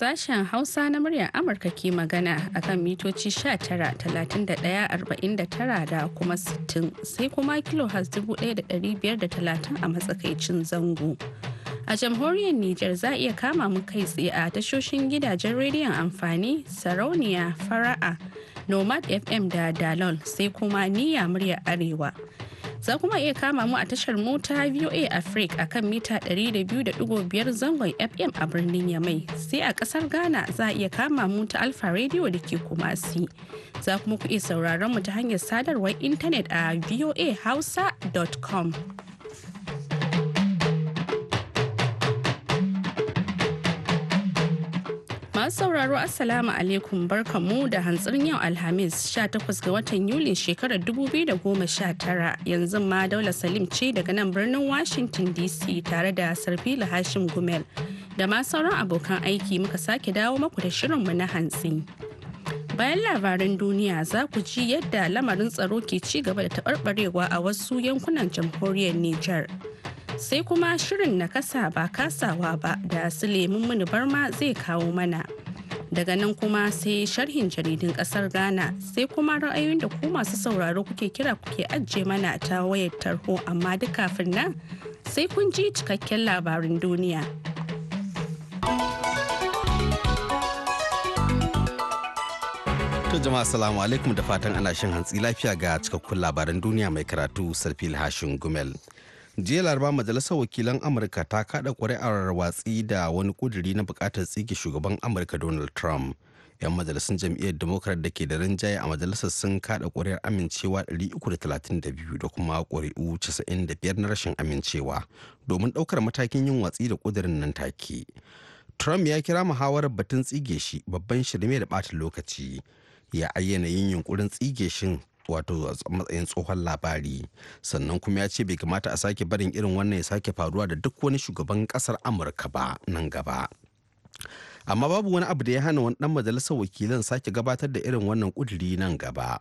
Sashen Hausa na muryar Amurka ke magana a kan mitoci 19,31,49 da kuma 60 sai kuma da 1,530 a matsakaicin zango. A jamhuriyar niger za iya kama mu kai tsaye a tashoshin gidajen rediyon amfani sarauniya fara'a nomad fm da dalon sai kuma niyya muryar arewa Za kuma iya kama mu a tashar mota VOA Africa a kan mita 200.5 zangon FM a birnin Yamai. Sai a kasar Ghana za a iya kama mu ta alpha Radio da ke Kumasi. Za kuma ku iya sauraron mu ta hanyar sadarwar intanet a voahausa.com. Masu sauraro Assalamu alaikum barkamu da hantsin yau Alhamis 18 ga watan Yulin shekarar 2019 yanzu ma Daula Salim ce daga nan birnin Washington DC tare da Sarfila Hashim Gumel da ma sauran abokan aiki muka sake dawo maku da shirinmu na hantsi. Bayan labaran duniya za ku ji yadda lamarin tsaro ke ci gaba da taɓarɓarewa a wasu yankunan jamhuriyar Nijar. sai kuma shirin na kasa ba kasawa ba da su lemun mini barma zai kawo mana. Daga nan kuma sai sharhin jaridun kasar Ghana sai kuma ra'ayoyin da ku masu sauraro kuke kira kuke ajiye mana ta wayar tarho amma duk kafin nan sai kun ji cikakken labarin duniya. Tun jama'a salamu alaikum da fatan ana shin hantsi lafiya ga cikakkun labaran duniya mai karatu sarfil hashin gumel. jiya laraba majalisar wakilan amurka ta kada kuri'ar watsi da wani kuduri na bukatar tsige shugaban amurka donald trump yan majalisun jam'iyyar democrat da ke da rinjaye a majalisar sun kada kuri'ar amincewa 332 da kuma kuri'u 95 na rashin amincewa domin daukar matakin yin watsi da kudurin nan take trump ya kira muhawarar batun tsige shi babban shirme da bata lokaci ya ayyana yin yunkurin tsige shin wato a matsayin tsohon labari sannan kuma ya ce bai kamata a sake barin irin wannan ya sake faruwa da duk wani shugaban kasar amurka ba nan gaba amma babu wani abu da ya hana wani dan majalisar wakilan sake gabatar da irin wannan kuduri nan gaba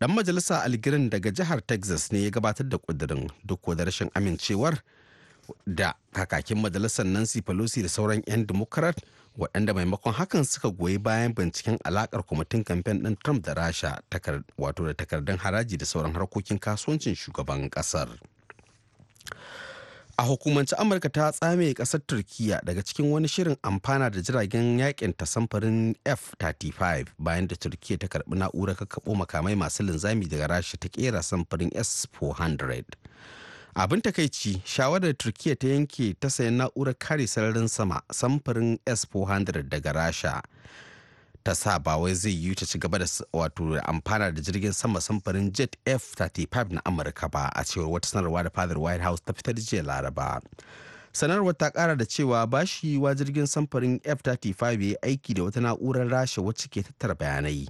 dan majalisa algirin daga jihar texas ne ya gabatar da kudirin duk da rashin amincewar da kakakin majalisar nancy pelosi da sauran 'yan democrat waɗanda maimakon hakan suka goyi bayan binciken alakar kwamitin kamfen ɗin trump da rasha wato da takardun haraji da sauran harkokin kasuwancin shugaban ƙasar a hukumance amurka ta tsame ƙasar turkiya daga cikin wani shirin amfana da jiragen yakin ta samfarin f-35 bayan da turkiya ta karbi na'urar kakkaɓo makamai masu linzami daga rasha ta kera samfarin s-400 abin takaici shawarar Turkiyya ta yanke ta sayan na'urar kare sararin sama samfurin s-400 daga rasha ta sa ba wai zai yi ta ci gaba da wato amfana da jirgin sama samfurin jet f-35 na amurka ba a cewar wata sanarwa da fadar white house ta fitar jiya laraba sanarwar ta kara da cewa ba shi wa jirgin samfurin f-35 ya yi aiki da wata na'urar rasha wacce ke tattara bayanai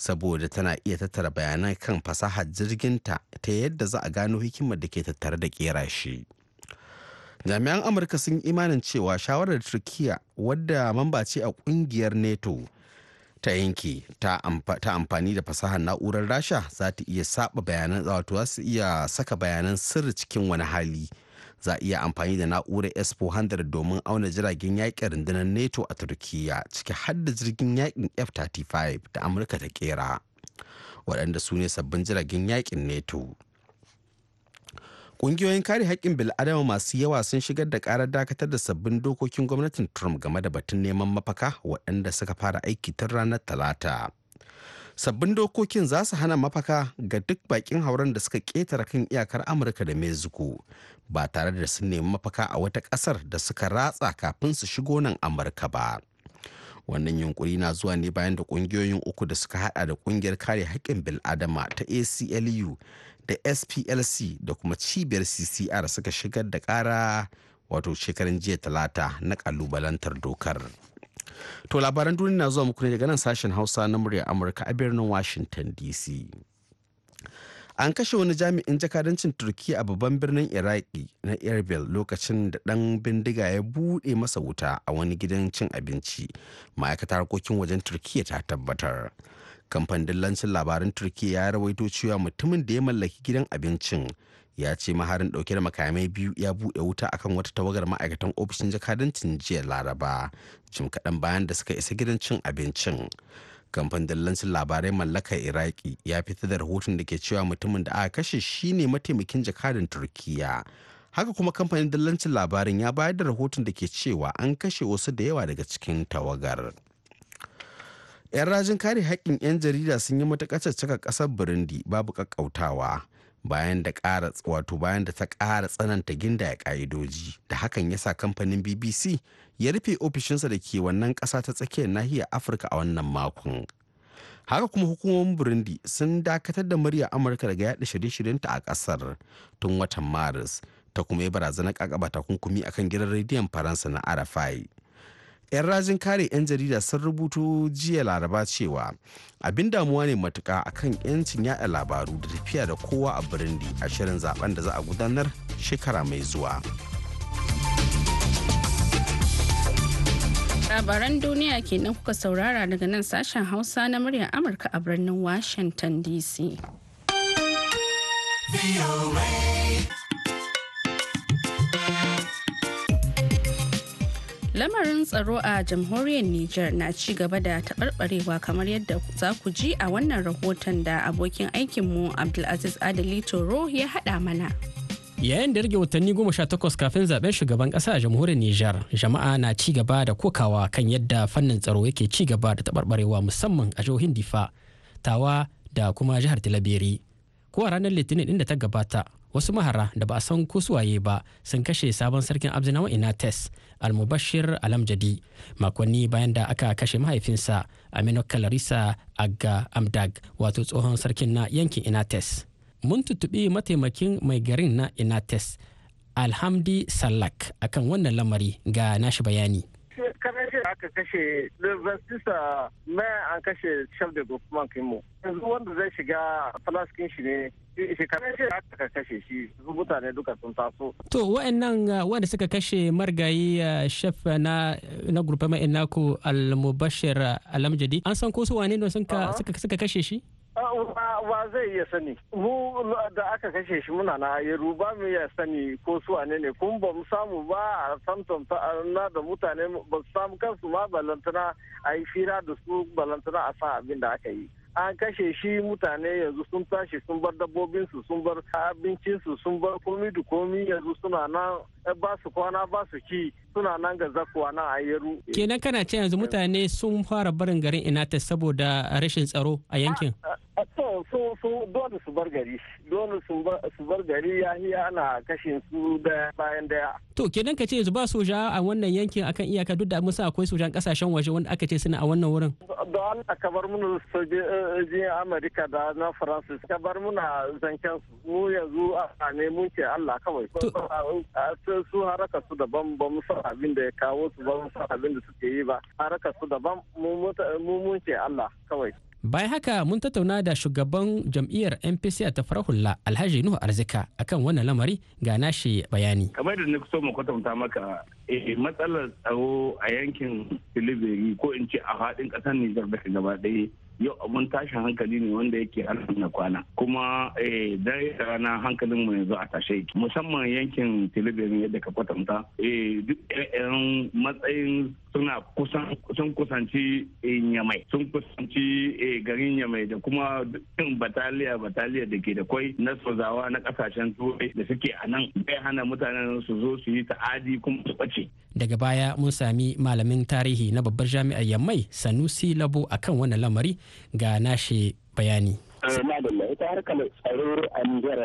saboda tana iya tattara bayanai kan fasahar jirginta ta yadda za a gano hikimar da ke tattare da kera shi jami'an amurka sun imanin cewa shawarar turkiya wadda mamba a kungiyar nato ta yanki ta amfani da fasahar na'urar rasha za ta iya saba bayanan wato za su iya saka bayanan sirri cikin wani hali za a iya amfani da na'urar s-400 domin auna jiragen yaƙin rundunar nato a turkiya ciki har da jirgin yaƙin f-35 da amurka ta kera waɗanda su ne sabbin jiragen yaƙin nato Ƙungiyoyin kare haƙƙin bil'adama masu yawa sun shigar da ƙarar dakatar da sabbin dokokin gwamnatin Trump game da batun neman mafaka waɗanda suka fara aiki tun ranar Talata. Sabbin dokokin za su hana mafaka ga duk bakin hauren da suka ƙetare kan iyakar Amurka da Mexico ba tare da sun nemi mafaka a wata ƙasar da suka ratsa kafin su shigo nan amurka ba wannan yunkuri na zuwa ne bayan da ƙungiyoyin uku da suka hada da ƙungiyar kare haƙƙin bil'adama ta aclu da splc da kuma cibiyar ccr suka shigar da ƙara wato shekarun jiya talata na ƙalubalantar dokar to labaran duniya na zuwa muku ne daga nan sashen hausa na murya amurka a birnin washington dc an kashe wani jami'in jakadancin turkiya a babban birnin iraki na erbil lokacin da dan bindiga ya buɗe masa wuta a wani gidan cin abinci ma'aikatar harkokin wajen turkiya ta tabbatar kamfanin dillancin labaran turkiya ya rawaito cewa mutumin da ya mallaki gidan abincin ya ce maharin dauke da makamai biyu ya buɗe wuta akan wata tawagar ma'aikatan ofishin jakadancin jiya laraba jim kaɗan bayan da suka isa gidan cin abincin kamfan dallancin labarai mallakar iraki ya fitar da rahoton da ke cewa mutumin da aka kashe shine mataimakin jakadan turkiya haka kuma kamfanin dallancin labarin ya bayar da rahoton da ke cewa an kashe wasu da yawa daga cikin tawagar 'yan rajin kare haƙƙin 'yan jarida sun yi matakacar cika ƙasar burundi babu ƙaƙƙautawa bayan da ƙara wato bayan da ta ƙara tsananta ginda ya ƙa'idoji da hakan ya sa kamfanin bbc ya rufe ofishinsa da ke wannan ƙasa ta tsakiyar nahiyar afirka a wannan makon haka kuma hukumomin burundi sun dakatar da muryar amurka daga yaɗa shirye-shiryenta a ƙasar tun watan maris ta kuma yi barazanar ƙaƙaba takunkumi akan gidan rediyon faransa na arafai 'yan rajin kare 'yan jarida sun rubutu jiya laraba cewa abin damuwa ne matuka akan 'yancin yada labaru da tafiya da kowa a birni a shirin zaben da za a gudanar shekara mai zuwa labaran duniya kenan kuka saurara daga nan sashen hausa na muryar amurka a birnin washington dc lamarin tsaro a jamhuriyar niger na ci gaba da taɓarɓarewa kamar yadda za ku ji a wannan rahoton da abokin aikinmu abdulaziz adali toro ya haɗa mana yayin da rage watanni goma sha takwas kafin zaben shugaban ƙasa a jamhuriyar Nijar jama'a na ci gaba da kokawa kan yadda fannin tsaro yake ci gaba da tabarbarewa musamman a jihohin Difa, Tawa da kuma jihar Tilaberi. Ko a ranar Litinin inda ta gabata wasu mahara da ba a san ko suwaye ba sun kashe sabon sarkin abzinawa inates almubashir alamjadi makonni bayan da aka kashe mahaifinsa aminu kalarisa aga amdag wato tsohon sarkin na yankin inates mun tutubi mataimakin mai garin na inates alhamdi sallak akan wannan lamari ga nashi bayani kamar shi aka kashe Levantista na an kashe Shaf da Gofman Kimo. Yanzu wanda zai shiga falaskin shi ne shekarar shi aka kashe shi su mutane duka sun taso. To wa'annan uh, wanda suka kashe margayi shef uh, na na gurfa ma'in al-mubashir alamjadi an san ko su wane ne suka kashe shi? ba ah, zai iya sani mu da aka kashe shi muna na yaru ba mu ya sani ko su ne ne kun ba mu samu ba a samtom na da mutane ba su samu kansu ma balantana a yi fira da su balantana a sa abin da aka yi an kashe shi mutane yanzu sun tashi sun bar dabbobinsu sun bar abincinsu sun bar komi da komi yanzu suna nan eh, ba su kwana ba su ci suna nan ga zakuwa nan a yaro. kenan kana ce yanzu mutane sun fara barin garin inata saboda rashin tsaro a yankin to so so dole su bar gari dole su bar gari ya yi ana kashin su da bayan daya to kenan ka ce yanzu ba soja a wannan yankin akan iyaka duk da musa akwai sojan kasashen waje wanda aka ce suna a wannan wurin da Allah ka bar muna sojojin eh, Amerika da na Faransa ka bar muna zancen mu yanzu a ne mun ce Allah kawai su haraka su daban ba mu sa. abin da ya kawo su ba su abin da suke yi ba harkar su daban mu mun Allah kawai bayan haka mun tattauna da shugaban jam'iyyar npc a tafarar alhaji nuhu arzika akan wannan lamari ga nashi bayani kamar da na so mu kwatanta maka eh, matsalar tsaro a yankin filibiri ko in ce a faɗin ƙasar nijar da gaba ɗaya yau abun tashin hankali ne wanda yake na kwana kuma eh, dare da rana hankalin mu yanzu a tashe yake musamman yankin tilibin yadda ka kwatanta eh, duk yan matsayin suna kusan sun kusanci eh, yamai sun kusanci garin yamai da kuma dukkan bataliya bataliya da ke da kwai na sozawa na kasashen turai da suke a nan bai hana mutanen su zo su yi ta'adi kuma su ɓace daga baya mun sami malamin tarihi na babbar jami'ar yammai sanusi labo akan wannan lamari ga nashi bayani. Eh, madalla ita harkar tsaro a nijar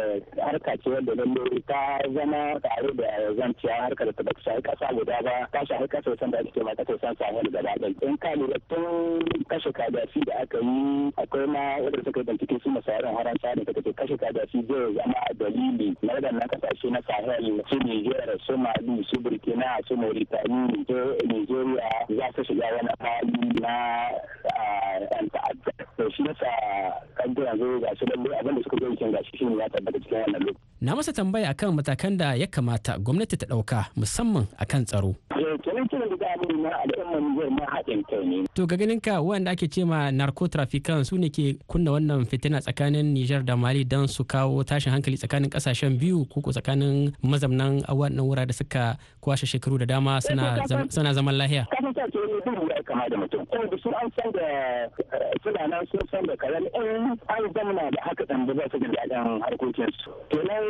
harka ce wanda lalle ta zama tare da zanciya harka da ta bata shahi kasa guda ba ta shahi kasa wasan da ake ma kasa wasan sahel gaba ɗaya in ka lura tun kashe kajasi da aka yi akwai ma wadda suka bincike su masarar haransa da suka ce kashe kajasi zai zama dalili na waɗannan kasashe na sahel su niger su mali su burkina su mauritani su nigeria za su shiga wani hali na yan ta'adda to shi yasa kan yanzu ga su lalle abin da suka zo yankin ga shi ne ya tabbata cikin wannan lokaci na masa tambaya akan matakan da ya kamata gwamnati ta ɗauka musamman akan tsaro. Eh, kenan kiran da ma ma haɗin kai ne. To ga ganin ka waɗanda ake ce ma narcotrafican su ne ke kunna wannan fitina tsakanin Nijar da Mali don su kawo tashin hankali tsakanin ƙasashen biyu ko ko tsakanin mazamnan wannan wurare da suka kwashe shekaru da dama suna zaman lahiya. Kasance ne kama da mutum kuma da an san da eh, suna nan sun san da karen in an zamana da haka ɗan ba za su ga daɗin harkokinsu to nan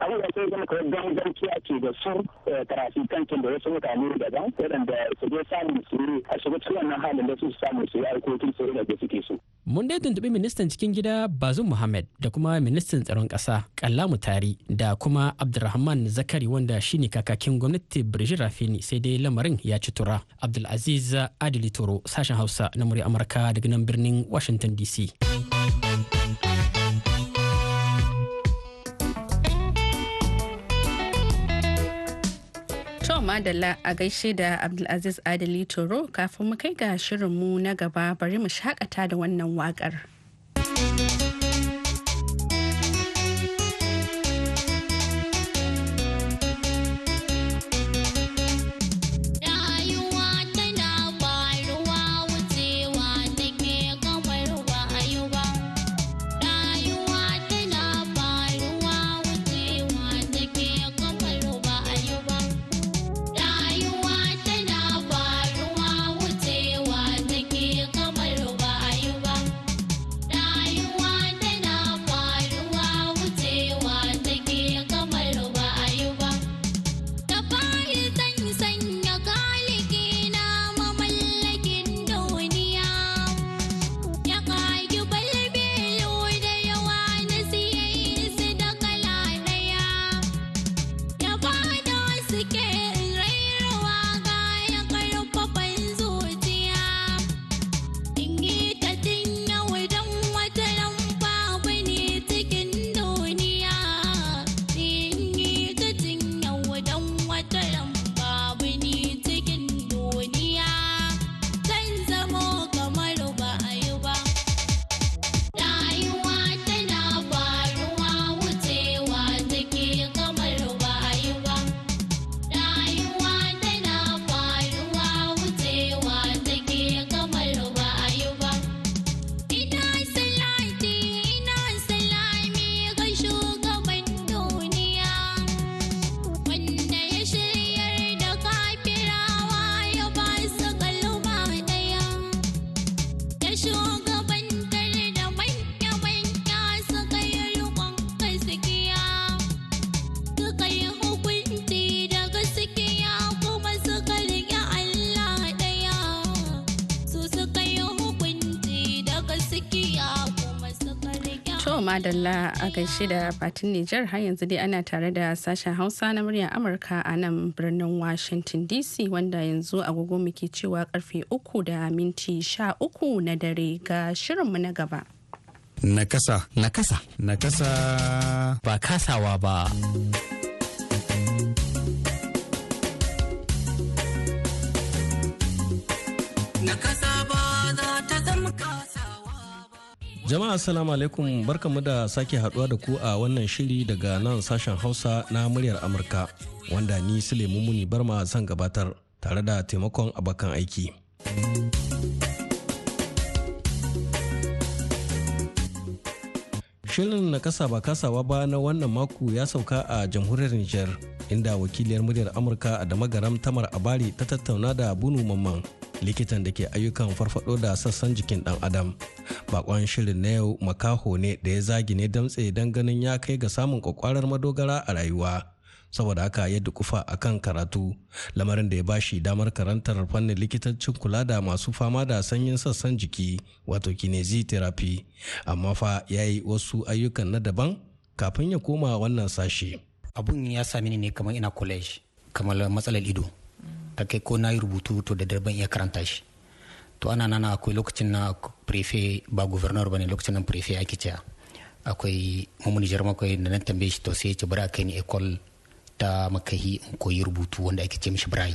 abin da sai zama kawai ganganci ake da su eh, tarafikancin da wasu mutane daban waɗanda su je samun su a shiga cikin wannan halin da su samu su yi harkokin su da suke so. mun dai tuntuɓi ministan cikin gida bazum muhammad da kuma ministan tsaron ƙasa kallamu tari da kuma abdulrahman zakari wanda shine kakakin gwamnati birjin rafini sai dai lamarin ya ci tura abdulaziz adili toro sashen hausa na murya amurka daga nan birnin washington dc madalla a gaishe da Abdulaziz Adali Toro kafin mu kai ga shirin mu na gaba bari mu shakata da wannan waƙar. adalla a gaishe da fatin Nijar har yanzu dai ana tare da sashen Hausa na muryar Amurka a nan birnin Washington DC wanda yanzu agogo muke cewa karfe uku da minti sha na dare ga shirinmu na gaba. Nakasa. Nakasa. Nakasa. Ba kasawa ba. Jama'a assalamu alaikum barkamu da sake haduwa da ku a wannan shiri daga nan sashen Hausa na muryar Amurka wanda ni Sule Mumuni ma zan gabatar tare da taimakon abokan aiki. Shirin na kasa ba kasawa ba na wannan mako ya sauka a jamhuriyar Nijar inda wakiliyar muryar Amurka a da Tamar Abari ta tattauna da Bunu Mamman likitan da ke ayyukan farfado da sassan jikin dan adam bakon shirin na yau makaho ne da ya zagi ne damtse don ganin ya kai ga samun kwakwarar madogara a rayuwa saboda haka ya dukufa a kan karatu lamarin da ya ba shi damar karantar fannin likitancin kula da masu fama da sanyin sassan jiki wato therapy amma fa ya yi wasu ayyukan na daban kafin ya koma wannan sashi abun ya sami ne kamar ina college kamar matsalar ido ta kai ko na yi rubutu to da darban iya karanta shi to ana nana akwai lokacin na prefe ba governor ba ne lokacin na prefe ake cewa akwai mamuni jarma akwai da nan tambaye shi to sai ya ce bari a kai ni ecole ta makahi in koyi rubutu wanda ake ce mishi birayi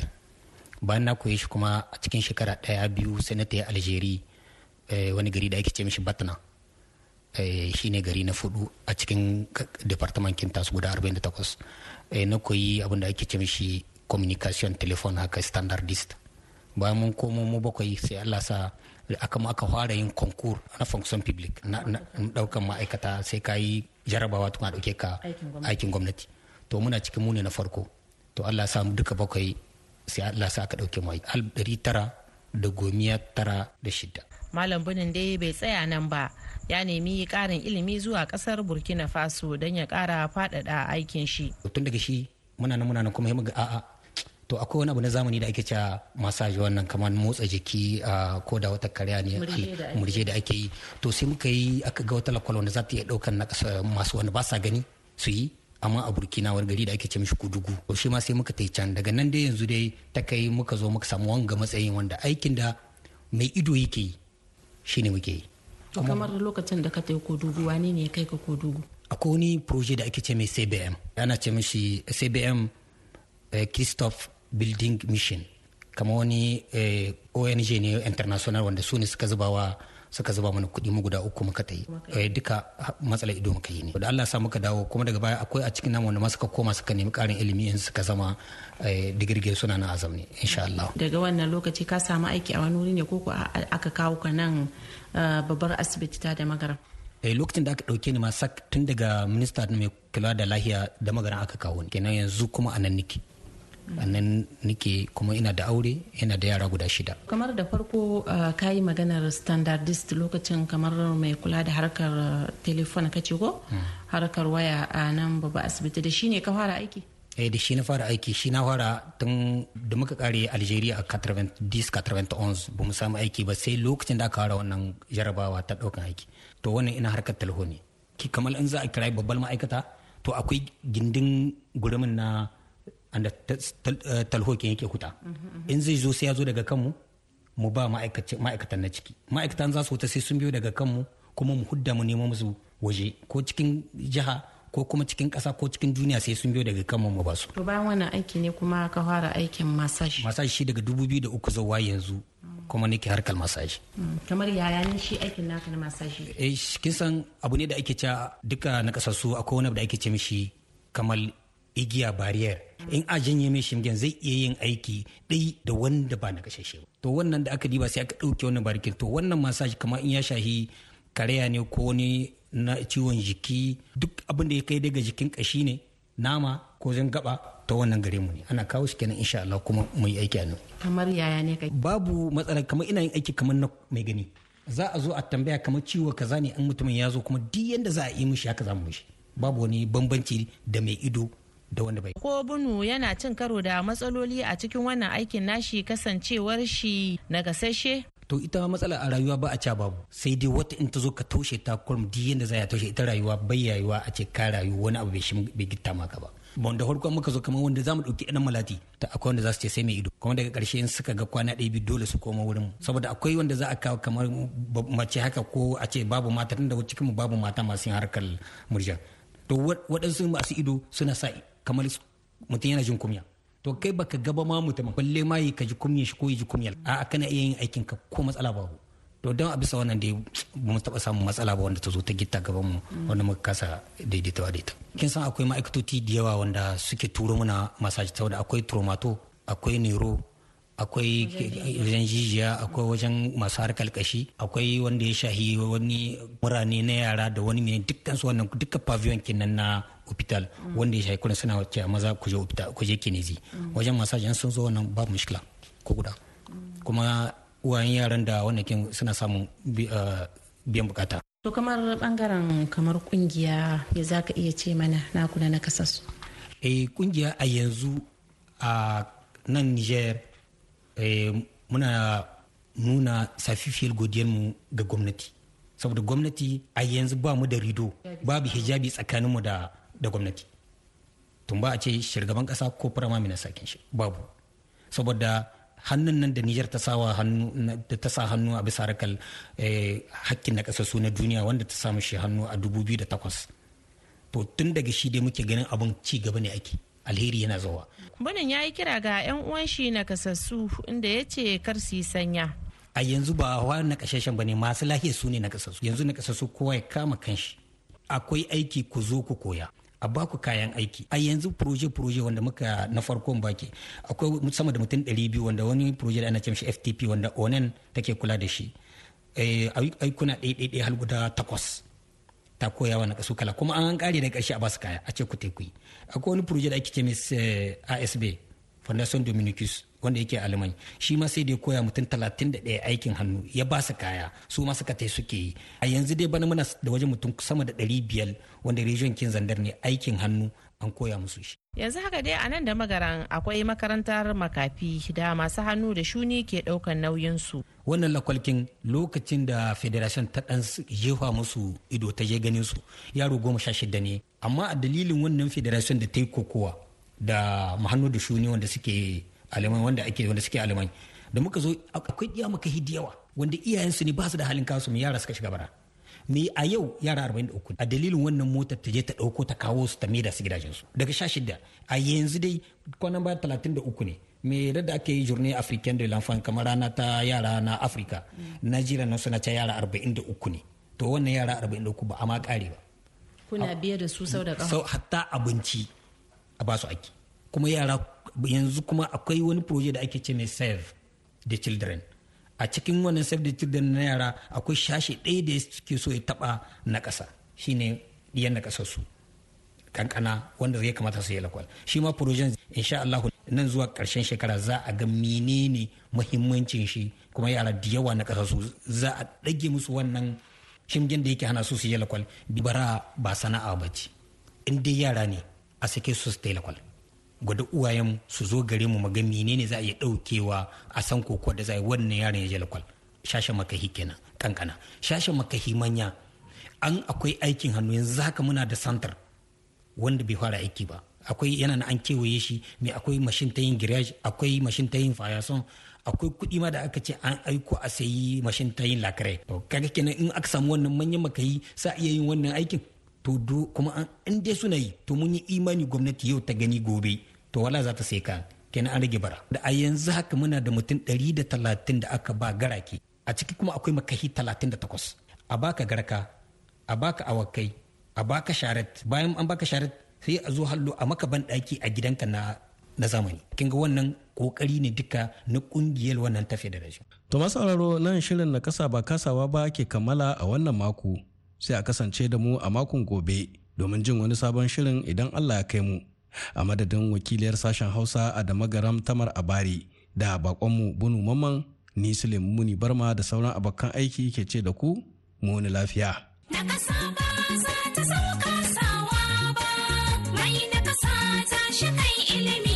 bayan na koyi shi kuma a cikin shekara ɗaya biyu sai na tafi aljeri eh, wani gari da ake ce mishi batna eh, shi ne gari na fudu a cikin departamentin tasu guda 48 eh, na koyi abin da ake ce mishi communication telephone haka standardist bayan mun komo mu bakwai sai allah sa aka aka fara yin concours na function public na daukan ma'aikata sai ka jarabawa tun a dauke ka aikin gwamnati to muna cikin mune na farko to allah sa mu duka bakwai sai allah sa aka dauke mu alif tara da gomiya tara da shida malam binin dai bai tsaya nan ba ya nemi karin ilimi zuwa kasar burkina faso don ya kara faɗaɗa aikin shi tun daga shi muna nan muna nan kuma ya muga a'a to akwai wani abu na zamani da ake cewa masaji wannan kamar motsa jiki ko da wata karya ne murje da ake yi to sai muka yi aka ga wata lakwal wanda za ta iya daukan na masu wanda ba sa gani su yi amma a burkina wani gari da ake ce mishi kudugu to shi ma sai muka tai can daga nan dai yanzu dai ta kai muka zo muka samu wanga matsayin wanda aikin da mai ido yake yi shine muke yi kamar lokacin da ka yi kudugu wani ne ya kai ka kudugu. akwai wani proje da ake ce mai cbm ana ce mishi cbm eh, christophe building mission kama wani eh, ong ne international wanda su ne suka zuba wa suka zuba mana kuɗi mu guda uku muka tayi eh, duka matsalar ido muka yi ne da Allah sa muka dawo kuma daga baya akwai a cikin namu wanda ma suka koma suka nemi ƙarin ilimi yanzu suka zama eh, digirgir suna na azam ne insha Allah daga wannan lokaci ka samu aiki a wani wuri ne ko aka kawo ka nan uh, babbar asibiti ta da magara eh, lokacin da aka ɗauke ni ma sak tun daga minista mai kula da lahiya da magaran aka kawo kenan yanzu kuma a nan niki nan nike kuma ina da aure ina da yara guda shida kamar da farko ah, ka yi maganar standardist lokacin kamar mai kula da harkar ah, telefon kace ko hmm. harkar waya a nan babba asibiti da shi ne ka fara aiki eh da shi na fara aiki shi na fara tun da muka kare algeria a 90 ba mu samu aiki ba sai lokacin da aka fara wannan jarabawa ta daukan aiki to wannan ina harkar talho ne ki kamar in za a kira babbar ma'aikata to akwai gindin gurumin na anda eh, talhokin yake huta in zai zo sai ya zo daga kanmu mu ba ma'aikatan na ciki ma'aikatan za su wuta sai sun biyo daga kanmu kuma mu hudda mu nemo musu waje ko cikin jiha ko kuma cikin ƙasa ko cikin duniya sai sun biyo daga kanmu mu ba su to bayan wannan aiki ne kuma ka fara aikin masaj. masaj shi daga uku zuwa yanzu kuma nake harkar masaj. Mm, kamar yaya ne shi aikin naka na masaj. eh kin san abu ne da ake cewa duka na kasassu akwai wani da ake ce mishi kamar igiya bariyar in a janye mai shimgen zai iya yin aiki ɗai da wanda ba na gashashe to wannan da aka diba sai aka ɗauke wani barikin to wannan masaji kama in ya shahi karaya ne ko ne na ciwon jiki duk abin da ya kai daga jikin ƙashi ne nama ko zan gaba ta wannan gare mu ne ana kawo shi kenan insha Allah kuma mu yi aiki a nan kamar yaya ne kai babu matsala kamar ina yin aiki kamar na mai gani za a zo a tambaya kamar ciwo kaza ne an mutumin ya zo kuma duk yanda za a yi mishi haka za mu mishi babu wani bambanci da mai ido da wanda bai. Ko Bunu yana cin karo da matsaloli a cikin wannan aikin nashi kasancewar shi na gasashe. To ita matsala a rayuwa ba a ca babu sai dai wata in ta zo ka toshe ta kurum duk yadda za a toshe ita rayuwa bai yayuwa a ce ka rayu wani abu bai gitta maka ba. Bon da farko muka zo kamar wanda zamu dauki ɗan malati ta akwai wanda za su ce sai mai ido kuma daga ƙarshe in suka ga kwana ɗaya bi dole su koma wurin mu saboda akwai wanda za a kawo kamar mace haka ko a ce babu mata tunda cikin babu mata masu yin harkar murjan. to waɗansu masu ido suna sa kamar mutum yana jin kumya to kai baka gaba ma mutum balle ma ka ji kumya shi ko yi ji kumya a kana iya yin aikin ka ko matsala babu to don a bisa wannan da ba mu taɓa samun matsala ba wanda ta zo ta gitta gaban mu wanda muka kasa daidaitawa da ita kin san akwai ma'aikatoci da yawa wanda suke turo muna masaji saboda akwai tromato akwai nero akwai wajen jijiya akwai wajen masu harkar kashi akwai wanda ya shahi wani murane na yara da wani ne dukkan su wannan dukkan paviyon kenan na hospital wanda ya shayi kuna suna cewa maza ku je hospital ku je kinezi wajen massage an sun zo wannan babu mushkila ko guda kuma uwayen yaran da wannan kin suna samun eh, biyan bukata to kamar bangaren kamar kungiya me ka iya ce mana na kuna na kasasu eh kungiya a yanzu a nan Niger eh, muna nuna safifiyar godiyarmu ga gwamnati saboda gwamnati a yanzu ba mu da rido babu hijabi tsakaninmu da da gwamnati tun ba a ce shirgaban kasa ko firama mina sakin shi babu saboda hannun nan da Nijar ta sa hannu a bisa harkar eh, hakkin na kasassu na duniya wanda ta samu shi hannu a 2008 to tun daga shi dai muke ganin abin ci gaba ne ake alheri yana zawa Bunin ya yi kira ga 'yan uwan shi na kasassu inda ya ce kar sanya. A yanzu ba wa na kashashen ba ne masu lahiya su ne na kasassu yanzu na kasassu kowa ya kama kanshi akwai aiki ku zo ku koya a baku kayan aiki a yanzu proje proje wanda muka na farko baki akwai sama da mutum 200 wanda wani proje da ana ce shi FTP wanda onen take kula da shi eh, aikuna ɗaiɗaiɗai har guda takwas ta koya na kasu kala kuma an kare da ƙarshe a basu kaya a ce ku teku akwai wani proje da ake ce eh, asb Fondation Dominicus wanda yake Alemany shi ma sai da ya koya mutum 31 aikin hannu ya ba su kaya su ma suka tai suke yi a yanzu dai bana muna da wajen mutum sama da 500 wanda region kin zandar ne aikin hannu an koya musu shi yanzu haka dai a nan da magaran akwai makarantar makafi da masu hannu da shuni ke daukan su wannan lakwalkin lokacin da federation ta dan jefa musu ido ta je ganin su yaro goma sha shida ne amma a dalilin wannan federation da ta yi kokowa da muhammadu shuni wanda suke alimai, wanda ake wanda suke alimai, da muka zo akwai iya maka yawa wanda iyayensu ne ba su da halin kasu yara suka shiga bara me a yau yara 43 a dalilin wannan motar ta je ta dauko ta kawo su ta da su gidajensu daga sha shida a yanzu dai kwanan baya 33 ne me da ake yi journée african de l'enfant kamar rana ta yara na afirka mm. najeriya na suna ta yara 43 ne to wannan yara 43 ba a ma kare ba kuna biya da su sau da kawo hatta abinci a ba su aiki kuma yara yanzu kuma akwai wani proje da ake ce mai save the children a cikin wannan save the children na yara akwai shashi ɗaya da suke so ya taɓa na ƙasa shine ɗiyan na ƙasar su kankana wanda zai kamata su yi lakwal shi ma projen insha Allah nan zuwa ƙarshen shekara za a ga menene muhimmancin shi kuma yara da yawa na ƙasar su za a ɗage musu wannan shimgen da yake hana su su yi lakwal bara ba sana'a ba ce in dai yara ne a sake su su telekwal gwada uwayen su zo gare mu maga menene za a iya ɗaukewa a san koko da za a yi wannan yaron ya je lakwal shashen makahi kenan kankana shashen makahi manya an akwai aikin hannu yanzu haka muna da santar wanda bai fara aiki ba akwai yana na an kewaye shi mai akwai mashin ta yin garage akwai mashin ta yin fayason akwai kuɗi ma da aka ce an aiko a sayi mashin ta yin lakare kaga kenan in aka samu wannan manyan makahi sa iya yin wannan aikin to kuma in dai suna yi to mun yi imani gwamnati yau ta gani gobe to wala za ta sai ka kenan an rage bara da a yanzu haka muna da mutum ɗari da da aka ba garake a ciki kuma akwai makahi talatin da takwas a baka garka a baka awakai a baka sharat bayan an baka sharat sai a zo hallo a maka ban daki a gidanka na na zamani kin ga wannan kokari ne duka na kungiyar wannan tafiya da rashin to masu nan shirin na kasa ba kasawa ba ke kammala a wannan mako sai a kasance da mu a makon gobe domin jin wani sabon shirin idan Allah ya kai mu. A madadin wakiliyar sashen Hausa a Damagaram Tamar Abari da bakonmu Bunu Mamman ni Sulim Muni Barma da sauran abokan aiki ke ce da ku mu wani lafiya. ilimi.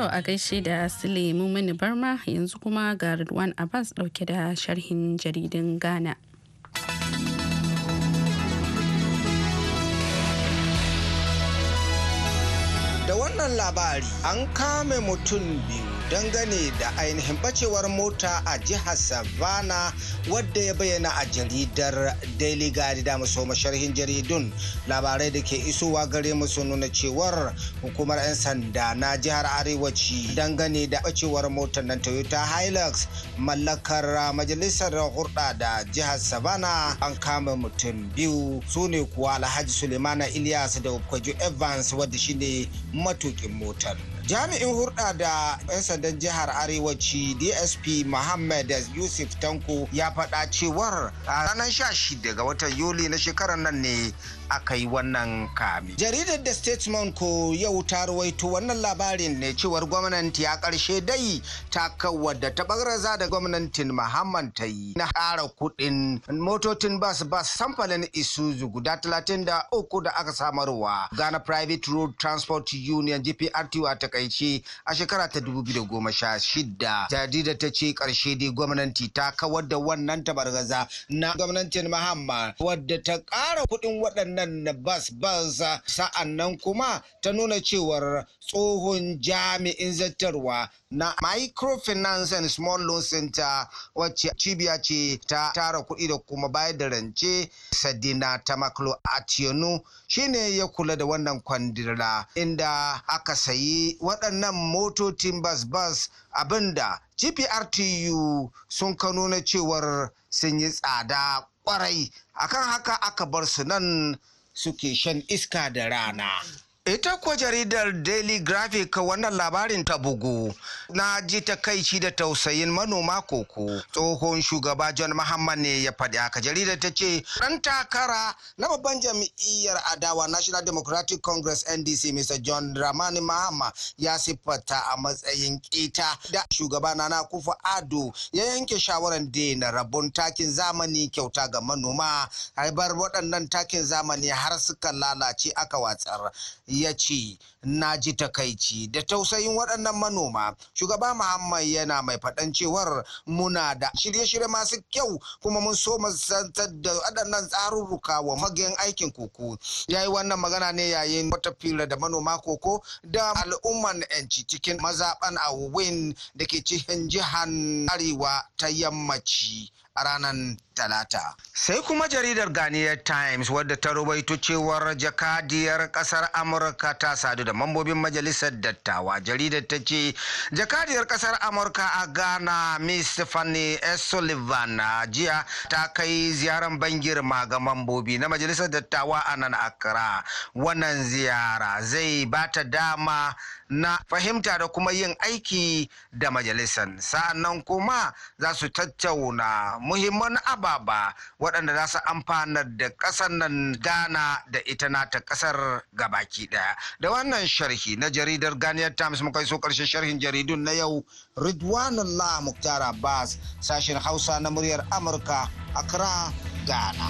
To a gaishe da Sule mini Barma yanzu kuma ga Ridwan Abbas dauke da sharhin jaridin Ghana. Da wannan labari an kame mutum biyu dangane da ainihin bacewar mota a jihar Savana wadda ya bayyana a jaridar daily Gadi da maso masharhin jaridun labarai da ke isowa gare mu sun nuna cewar hukumar 'yan sanda na jihar arewaci dangane da bacewar motar nan toyota hilux mallakar majalisar hurɗa da jihar Savana, an kama mutum biyu su ne kuwa alhaji sulemana ilyas da kwaju evans wadda shine matukin motar jami'in hurɗa da 'yan sandan jihar arewaci dsp muhammad yusuf tanko ya faɗa cewar a ranar 16 ga watan yuli na shekarar nan ne aka yi wannan kame. jaridar da statesman ko yau ta ruwaito wannan labarin ne cewar gwamnati ya karshe dai ta kawar da tabaraza da gwamnatin muhammad ta yi na ƙara kuɗin motocin bas bas samfalin isuzu guda 33 da aka samarwa ghana private road transport union gprt ta takaice a shekara ta 2016 jarida ta ce karshe dai gwamnati ta kawar da wannan tabargaza na gwamnatin mahamma wadda ta ƙara kuɗin waɗannan bas bas sa'annan kuma ta nuna cewar tsohon jami'in zattarwa na microfinance and small loan center wacce cibiya ce ta tara kuɗi da kuma bayar da rance sadina ta maklo shine ya kula da wannan kwandira inda aka sayi waɗannan motocin bas-bas abinda gprtu sun kano na cewar sun yi tsada kwarai akan haka aka bar su nan suke shan iska da rana Ita ko jaridar Daily Graphic wannan labarin ta bugu na ji ta takaici da tausayin manoma koko. Tsohon shugaba John Muhammad ne ya faɗi haka. Jaridar ta ce ɗan takara na babban jam'iyyar adawa National Democratic Congress NDC Mr. John Ramani Mahama ya siffata a matsayin ƙita. da shugaba na Kufa Ado ya yanke shawarar daina rabon takin zamani kyauta ga manoma. Haibar waɗannan takin zamani har suka lalace aka watsar. ya ce na ji takaici da tausayin waɗannan manoma shugaba muhammad yana mai faɗan cewar muna da shirye-shirye masu kyau kuma mun so santar da waɗannan tsarurruka wa magayin aikin koko ya yi wannan magana ne yayin wata fira da manoma koko da al'umman yanci cikin mazaɓan a da ke cikin jihar arewa ta yammaci a ranar talata sai kuma jaridar ghanaian times wadda ta rubaito cewar jakadiyar kasar amurka ta sadu da mambobin majalisar dattawa jaridar ta ce jakadiyar kasar amurka a ghana miss fanny s sullivan a jiya ta kai ziyaran ban girma ga mambobi na majalisar dattawa a nan accra wannan ziyara zai ba ta dama na fahimta da kuma yin aiki da majalisan sa'annan kuma za su tattauna muhimman ababa waɗanda za su amfanar da ƙasar nan ghana da ita nata ƙasar gabaki ɗaya da wannan sharhi na jaridar ghanaian times muka so ƙarshen sharhin jaridun na yau ridwanullah muktar abbas sashen hausa na muryar amurka accra ghana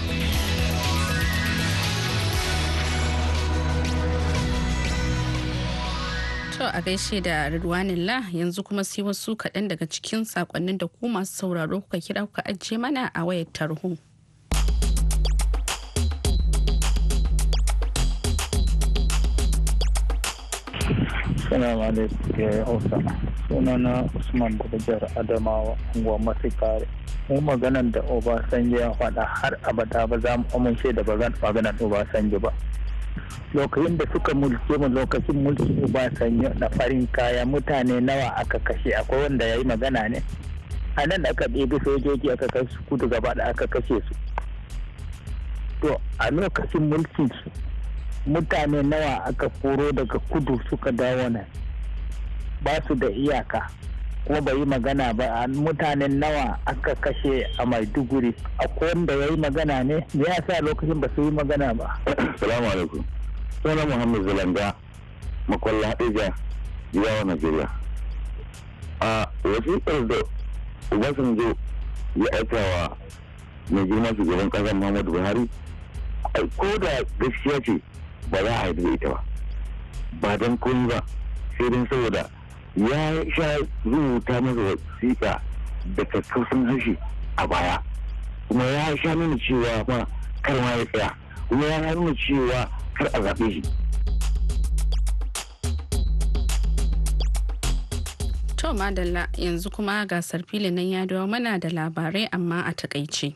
To a gaishe da Ridwanillah yanzu kuma sai wasu kaɗan daga cikin sakonnin da ku masu sauraro kuka kira kuka ajiye mana a wayar tarho. Salamu alaikum ya Hausa. Sunana Usman daga jihar Adamawa, masu Masikare. Mu maganan da Obasanjo ya faɗa har abada ba za mu amince da maganan Obasanjo ba. lokacin da suka mulke mu lokacin mulki ba Obasanjo na farin kaya mutane nawa aka kashe akwai wanda ya yi magana ne a nan aka ɗebi sojoji aka kai su kudu gaba da aka kashe su to a lokacin mulkin su mutane nawa aka koro daga kudu suka dawo nan ba su da iyaka kuma bai yi magana ba a mutanen nawa aka kashe a maiduguri akwai wanda ya yi magana ne me ya sa lokacin ba su yi magana ba salamu alaikum sunan muhammad zulanga makwalla hadija yawon najeriya a wasiƙar da obasanjo ya aika wa mai girma shugaban ƙasar muhammadu buhari ko da gaskiya ce ba za a yi da ita ba ba don komi ba sai don saboda ya sha rubuta masa wasiƙa da kakkausan harshe a baya kuma ya sha nuna cewa ma kar ma ya tsaya kuma ya nuna cewa kar a zaɓe shi. To madalla yanzu kuma gasar filin nan ya dawo mana da labarai amma a takaice.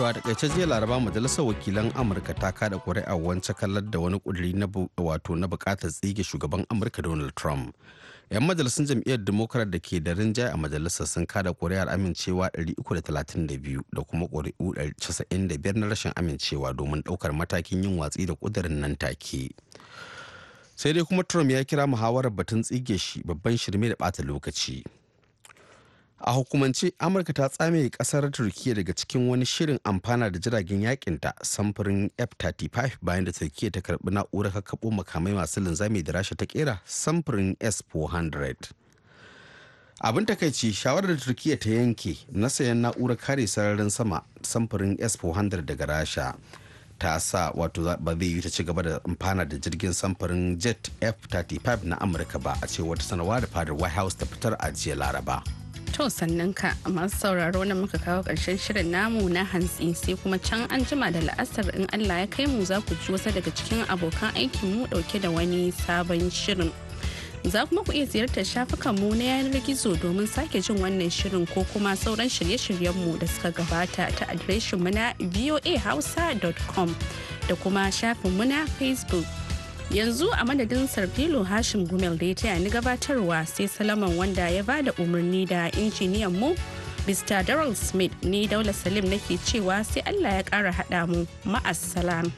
To a takaice jiya laraba majalisar wakilan Amurka ta kada a wancan kallar da wani kuduri na wato na bukatar tsige shugaban Amurka Donald Trump. 'Yan majalisun jam'iyyar Democrat da ke da rinjaye a majalisar sun kada kuri'ar amincewa 332 da kuma ƙuri'u 95 na rashin amincewa domin daukar matakin yin watsi da kudurin nan take. Sai dai kuma Trump ya kira muhawarar batun tsige shi babban shirme da bata lokaci. a hukumance amurka ta tsame kasar turkiya daga cikin wani shirin amfana da jiragen yakinta samfurin f-35 bayan da turkiya ta karbi na'urar kakkaɓo makamai masu linzami da rasha ta kera samfurin s-400 abin takaici shawarar da turkiya ta yanke na sayan na'urar kare sararin sama samfurin s-400 daga rasha ta sa wato ba zai yi ta ci gaba da amfana da jirgin samfurin jet f-35 na amurka ba a cewar sanarwa da fadar white house ta fitar a jiya laraba To sannan ka masu sauraro na muka kawo ƙarshen shirin namu na hantsi sai kuma can an jima da la'asar in Allah ya kai mu za ku ji wasu daga cikin abokan aikin mu ɗauke da wani sabon shirin. Za kuma ku iya ziyartar shafukan mu na yanar gizo domin sake jin wannan shirin ko kuma sauran shirye-shiryen mu da suka gabata ta adireshin mu na voahausa.com da kuma shafin mu na Facebook. yanzu a madadin sarfilo hashim gumel da ya taya ni gabatarwa sai salaman wanda ya ba da umarni da injiniyan mu mr daryl smith ni daula salim nake cewa sai allah ya kara hada mu ma'assalam.